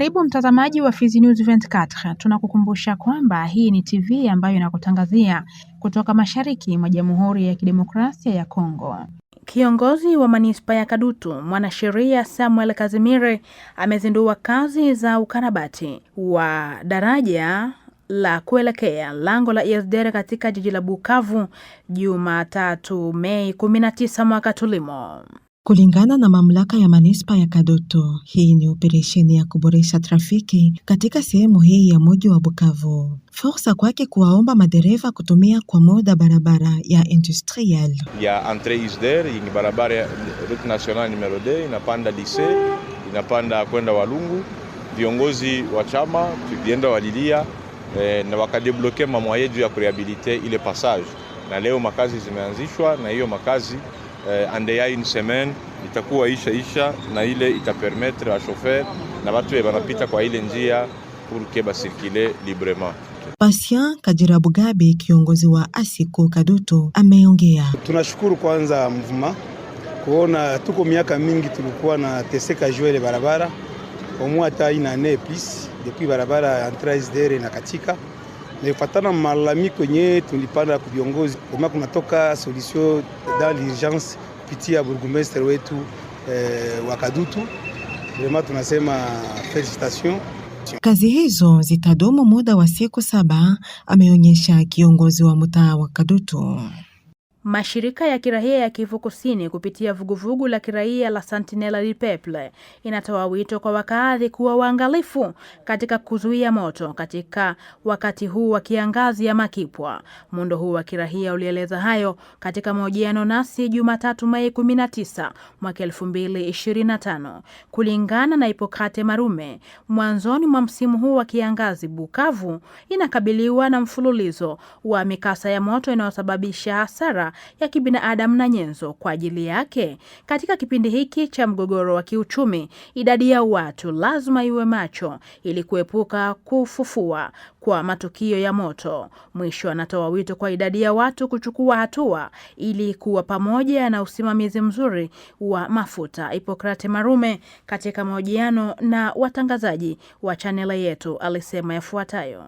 Karibu mtazamaji wa Fizi News 24. Tunakukumbusha kwamba hii ni TV ambayo inakutangazia kutoka mashariki mwa Jamhuri ya Kidemokrasia ya Kongo. Kiongozi wa manispaa ya Kadutu, mwanasheria Samuel Kazimire amezindua kazi za ukarabati wa daraja la kuelekea lango la Isdr katika jiji la Bukavu Jumatatu Mei 19 mwaka tulimo. Kulingana na mamlaka ya manispa ya Kadoto, hii ni operesheni ya kuboresha trafiki katika sehemu hii ya mji wa Bukavu. Fursa kwake kuwaomba madereva kutumia kwa muda barabara ya industrial ya entre isder yenye barabara ya route nationale numero 2 inapanda lise inapanda kwenda Walungu. Viongozi wa chama tulienda walilia eh, na wakadebloke mamwaye juu ya kurehabilite ile passage, na leo makazi zimeanzishwa na hiyo makazi eh, andeya une semaine itakuwa isha isha, na ile itapermettre a shofer na batu banapita kwa ile njia purke basirkile librement. Patient Kajira Bugabe, kiongozi wa Asiko Kadutu, ameongea. Tunashukuru kwanza mvuma kuona tuko miaka mingi tulikuwa na teseka juele barabara omwe hata inane plus depuis barabara ya 13 dere na katika Naifatana malami kwenye tulipanda kwa viongozi kama kunatoka solution dans l'urgence kupitia burgomestre wetu eh, wa Kadutu. Vraiment tunasema felicitation. Kazi hizo zitadumu muda wa siku saba, ameonyesha kiongozi wa mtaa wa Kadutu. Mashirika ya kiraia ya Kivu Kusini kupitia vuguvugu la kiraia la Sentinela du Peuple inatoa wito kwa wakaadhi kuwa waangalifu katika kuzuia moto katika wakati huu wa kiangazi ya makipwa. Muundo huu wa kiraia ulieleza hayo katika mahojiano nasi Jumatatu Mei 19 mwaka 2025. Kulingana na Ipokate Marume, mwanzoni mwa msimu huu wa kiangazi, Bukavu inakabiliwa na mfululizo wa mikasa ya moto inayosababisha hasara ya kibinadamu na nyenzo kwa ajili yake. Katika kipindi hiki cha mgogoro wa kiuchumi, idadi ya watu lazima iwe macho ili kuepuka kufufua kwa matukio ya moto. Mwisho, anatoa wito kwa idadi ya watu kuchukua hatua ili kuwa pamoja na usimamizi mzuri wa mafuta. Hipokrate Marume katika mahojiano na watangazaji wa chaneli yetu alisema yafuatayo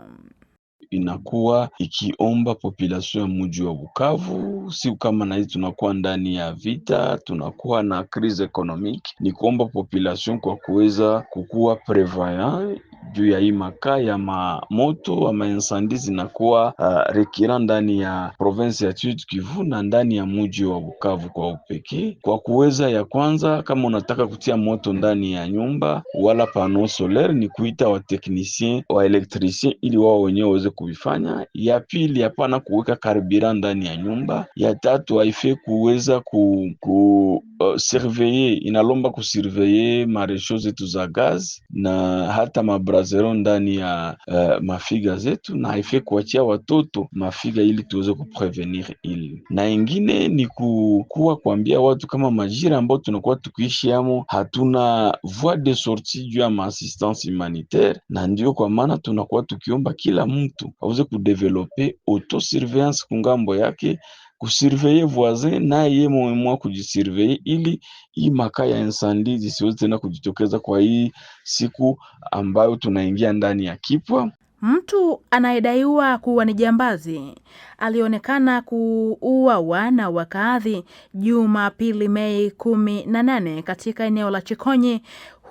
inakuwa ikiomba population ya mji wa Bukavu, si kama na hizi tunakuwa ndani ya vita, tunakuwa na crise economique, ni kuomba population kwa kuweza kukuwa prevoyant juu ya hii makaa ya mamoto ama insandi zinakuwa uh, ah, rekira ndani ya province ya Sud Kivu na ndani ya muji wa Bukavu kwa upekee, kwa kuweza ya kwanza, kama unataka kutia moto ndani ya nyumba wala pano solaire, ni kuita wateknisien wa elektrisien ili wao wenyewe waweze kuvifanya. Ya pili, hapana kuweka karibira ndani ya nyumba. Ya tatu, haifai kuweza ku, ku uh, surveye inalomba kusurveye maresho zetu za gaz na hata mabrazero ndani ya uh, mafiga zetu, na ife kuachia watoto mafiga ili tuweze kuprevenir ili na ingine ni kukuwa kuambia watu kama majira ambao tunakuwa tukiishi amo, hatuna voie de sortie juu ya maassistance humanitaire, na ndio kwa maana tunakuwa tukiomba kila mtu aweze kudevelope autosurveillance kungambo yake kusurveye voisin, naye yeye mwenyewe kujisurveye, ili hii makaa ya insandi zisiwezi tena kujitokeza kwa hii siku ambayo tunaingia ndani ya kipwa. Mtu anayedaiwa kuwa ni jambazi alionekana kuuawa na wakaadhi Jumapili Mei kumi na nane katika eneo la Chikonyi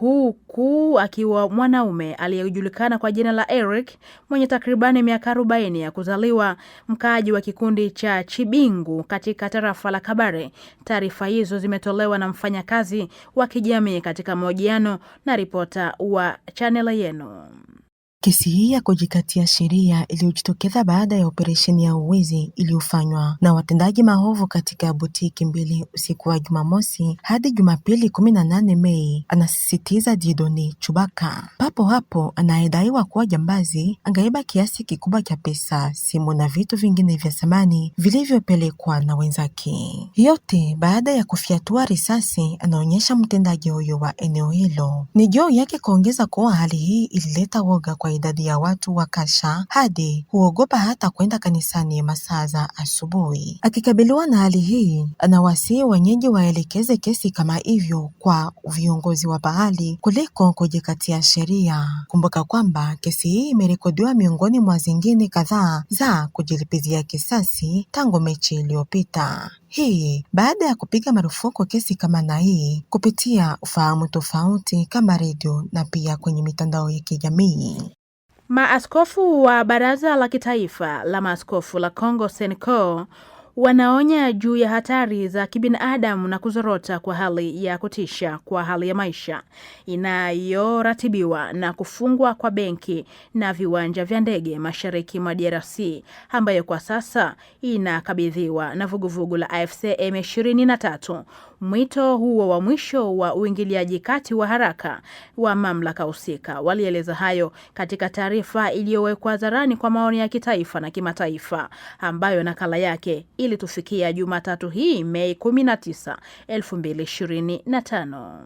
huku akiwa mwanaume aliyejulikana kwa jina la Eric mwenye takribani miaka 40 ya kuzaliwa, mkaaji wa kikundi cha Chibingu katika tarafa la Kabare. Taarifa hizo zimetolewa na mfanyakazi wa kijamii katika mahojiano na ripota wa chanela yenu. Kesi hii ya kujikatia sheria iliyojitokeza baada ya operesheni ya uwizi iliyofanywa na watendaji maovu katika butiki mbili usiku wa Jumamosi hadi Jumapili 18 Mei, anasisitiza jidoni Chubaka. Papo hapo, anayedaiwa kuwa jambazi angaiba kiasi kikubwa cha pesa, simu na vitu vingine vya samani vilivyopelekwa na wenzake, yote baada ya kufyatua risasi, anaonyesha mtendaji huyo wa eneo hilo. Ni juu yake kuongeza kuwa hali hii ilileta woga kwa idadi ya watu wa kasha hadi huogopa hata kwenda kanisani masaa za asubuhi. Akikabiliwa na hali hii, anawasihi wenyeji waelekeze kesi kama hivyo kwa viongozi wa bahali kuliko kujikatia sheria. Kumbuka kwamba kesi hii imerekodiwa miongoni mwa zingine kadhaa za kujilipizia kisasi tangu mechi iliyopita. Hii baada ya kupiga marufuku kesi kama na hii kupitia ufahamu tofauti kama redio na pia kwenye mitandao ya kijamii. Maaskofu wa Baraza la Kitaifa la Maaskofu la congo senco wanaonya juu ya hatari za kibinadamu na kuzorota kwa hali ya kutisha kwa hali ya maisha inayoratibiwa na kufungwa kwa benki na viwanja vya ndege mashariki mwa DRC ambayo kwa sasa inakabidhiwa na vuguvugu la AFC M23 mwito huo wa mwisho wa uingiliaji kati wa haraka wa mamlaka husika. Walieleza hayo katika taarifa iliyowekwa hadharani kwa maoni ya kitaifa na kimataifa, ambayo nakala yake ilitufikia Jumatatu hii Mei 19, 2025.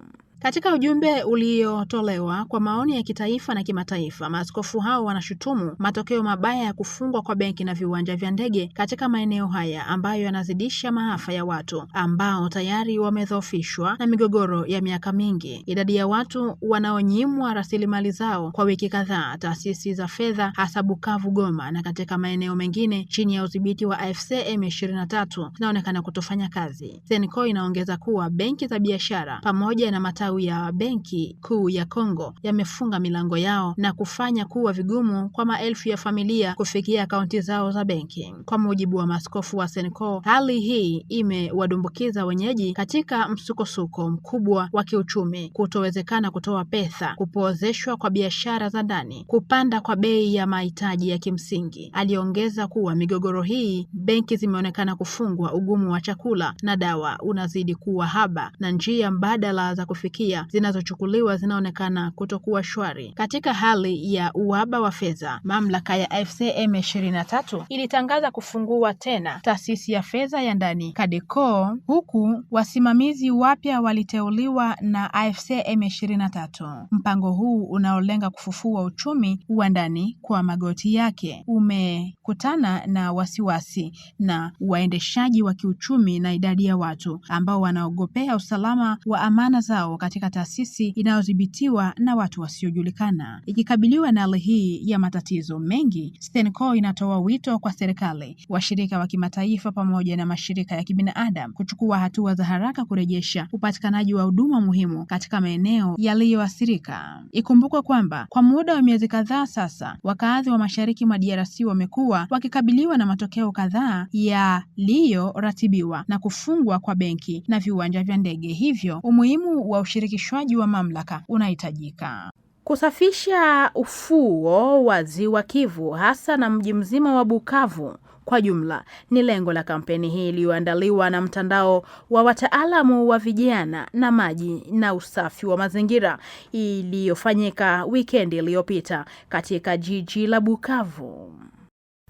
Katika ujumbe uliotolewa kwa maoni ya kitaifa na kimataifa, maaskofu hao wanashutumu matokeo mabaya ya kufungwa kwa benki na viwanja vya ndege katika maeneo haya ambayo yanazidisha maafa ya watu ambao tayari wamedhoofishwa na migogoro ya miaka mingi. Idadi ya watu wanaonyimwa rasilimali zao kwa wiki kadhaa, taasisi za fedha hasa Bukavu, Goma na katika maeneo mengine chini ya udhibiti wa AFC M23 zinaonekana kutofanya kazi. Senko inaongeza kuwa benki za biashara pamoja na matawi au ya Benki Kuu ya Kongo yamefunga milango yao na kufanya kuwa vigumu kwa maelfu ya familia kufikia akaunti zao za benki. Kwa mujibu wa maskofu wa Senko, hali hii imewadumbukiza wenyeji katika msukosuko mkubwa wa kiuchumi, kutowezekana kutoa pesa, kupoozeshwa kwa biashara za ndani, kupanda kwa bei ya mahitaji ya kimsingi. Aliongeza kuwa migogoro hii, benki zimeonekana kufungwa, ugumu wa chakula na dawa unazidi kuwa haba na njia mbadala za kufikia kufikia zinazochukuliwa zinaonekana kutokuwa shwari. Katika hali ya uhaba wa fedha, mamlaka ya FCM 23 ilitangaza kufungua tena taasisi ya fedha ya ndani Kadico, huku wasimamizi wapya waliteuliwa na FCM 23. Mpango huu unaolenga kufufua uchumi wa ndani kwa magoti yake umekutana na wasiwasi na waendeshaji wa kiuchumi na idadi ya watu ambao wanaogopea usalama wa amana zao katika taasisi inayodhibitiwa na watu wasiojulikana. Ikikabiliwa na hali hii ya matatizo mengi, STANCOI inatoa wito kwa serikali, washirika wa kimataifa pamoja na mashirika ya kibinadamu kuchukua hatua za haraka kurejesha upatikanaji wa huduma muhimu katika maeneo yaliyoathirika. Ikumbukwe kwamba kwa muda wa miezi kadhaa sasa, wakazi wa mashariki mwa DRC wamekuwa wakikabiliwa na matokeo kadhaa yaliyoratibiwa na kufungwa kwa benki na viwanja vya ndege, hivyo umuhimu wa ushirikishwaji wa mamlaka unahitajika. Kusafisha ufuo wa Ziwa Kivu hasa na mji mzima wa Bukavu kwa jumla ni lengo la kampeni hii iliyoandaliwa na mtandao wa wataalamu wa vijana na maji na usafi wa mazingira iliyofanyika wikendi iliyopita katika jiji la Bukavu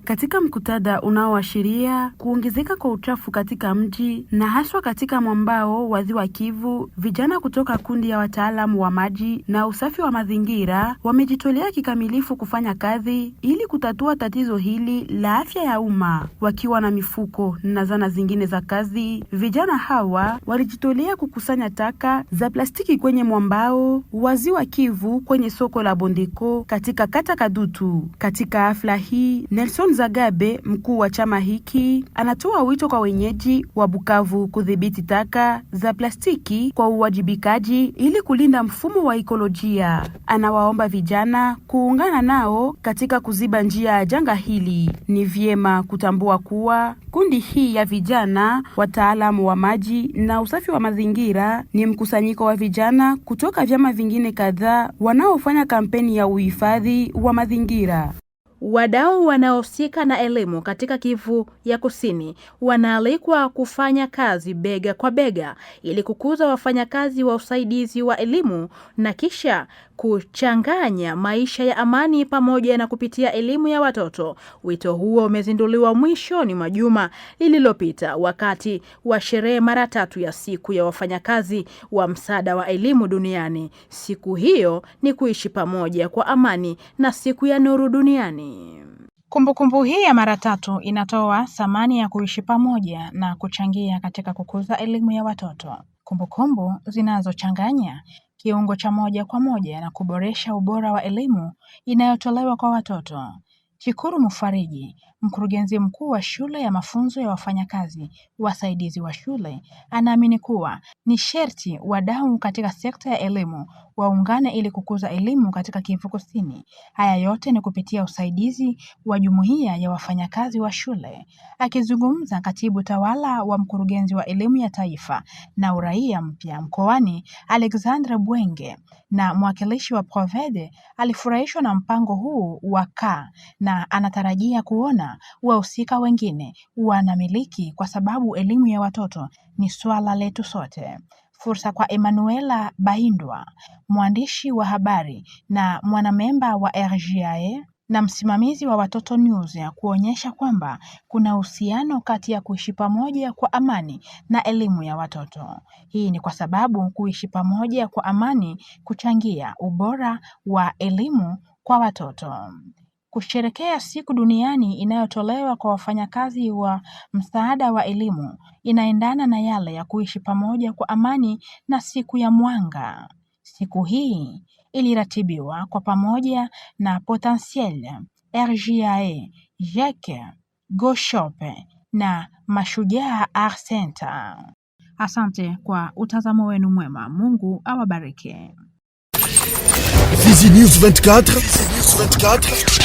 katika mkutada unaoashiria kuongezeka kwa uchafu katika mji na haswa katika mwambao wa Ziwa Kivu. Vijana kutoka kundi ya wataalamu wa maji na usafi wa mazingira wamejitolea kikamilifu kufanya kazi ili kutatua tatizo hili la afya ya umma. Wakiwa na mifuko na zana zingine za kazi, vijana hawa walijitolea kukusanya taka za plastiki kwenye mwambao wa Ziwa Kivu kwenye soko la Bondeko katika kata Kadutu. Katika hafla hii Nelson Zagabe, mkuu wa chama hiki, anatoa wito kwa wenyeji wa Bukavu kudhibiti taka za plastiki kwa uwajibikaji ili kulinda mfumo wa ekolojia. Anawaomba vijana kuungana nao katika kuziba njia ya janga hili. Ni vyema kutambua kuwa kundi hii ya vijana, wataalamu wa maji na usafi wa mazingira, ni mkusanyiko wa vijana kutoka vyama vingine kadhaa wanaofanya kampeni ya uhifadhi wa mazingira. Wadau wanaohusika na elimu katika Kivu ya Kusini wanaalikwa kufanya kazi bega kwa bega ili kukuza wafanyakazi wa usaidizi wa elimu na kisha kuchanganya maisha ya amani pamoja na kupitia elimu ya watoto. Wito huo umezinduliwa mwishoni mwa juma lililopita wakati wa sherehe mara tatu ya siku ya wafanyakazi wa msaada wa elimu duniani. Siku hiyo ni kuishi pamoja kwa amani na siku ya nuru duniani. Kumbukumbu hii ya mara tatu inatoa thamani ya kuishi pamoja na kuchangia katika kukuza elimu ya watoto. Kumbukumbu zinazochanganya kiungo cha moja kwa moja na kuboresha ubora wa elimu inayotolewa kwa watoto. Shukuru Mufariji, mkurugenzi mkuu wa shule ya mafunzo ya wafanyakazi wasaidizi wa shule, anaamini kuwa ni sherti wadau katika sekta ya elimu waungane ili kukuza elimu katika Kivu Kusini. Haya yote ni kupitia usaidizi wa jumuiya ya wafanyakazi wa shule. Akizungumza katibu tawala wa mkurugenzi wa elimu ya taifa na uraia mpya mkoani Alexandra Bwenge na mwakilishi wa Provede alifurahishwa na mpango huu wa ka na anatarajia kuona wahusika wengine wanamiliki, kwa sababu elimu ya watoto ni swala letu sote. Fursa kwa Emanuela baindwa mwandishi wa habari na mwanamemba wa RJIA na msimamizi wa Watoto News ya kuonyesha kwamba kuna uhusiano kati ya kuishi pamoja kwa amani na elimu ya watoto. Hii ni kwa sababu kuishi pamoja kwa amani kuchangia ubora wa elimu kwa watoto kusherekea siku duniani inayotolewa kwa wafanyakazi wa msaada wa elimu inaendana na yale ya kuishi pamoja kwa amani na siku ya mwanga. Siku hii iliratibiwa kwa pamoja na Potentiel, RJAE, JEC, GOSHOP na Mashujaa Arts Center. Asante kwa utazamo wenu mwema. Mungu awabariki. Fizi News 24, Fizi News 24.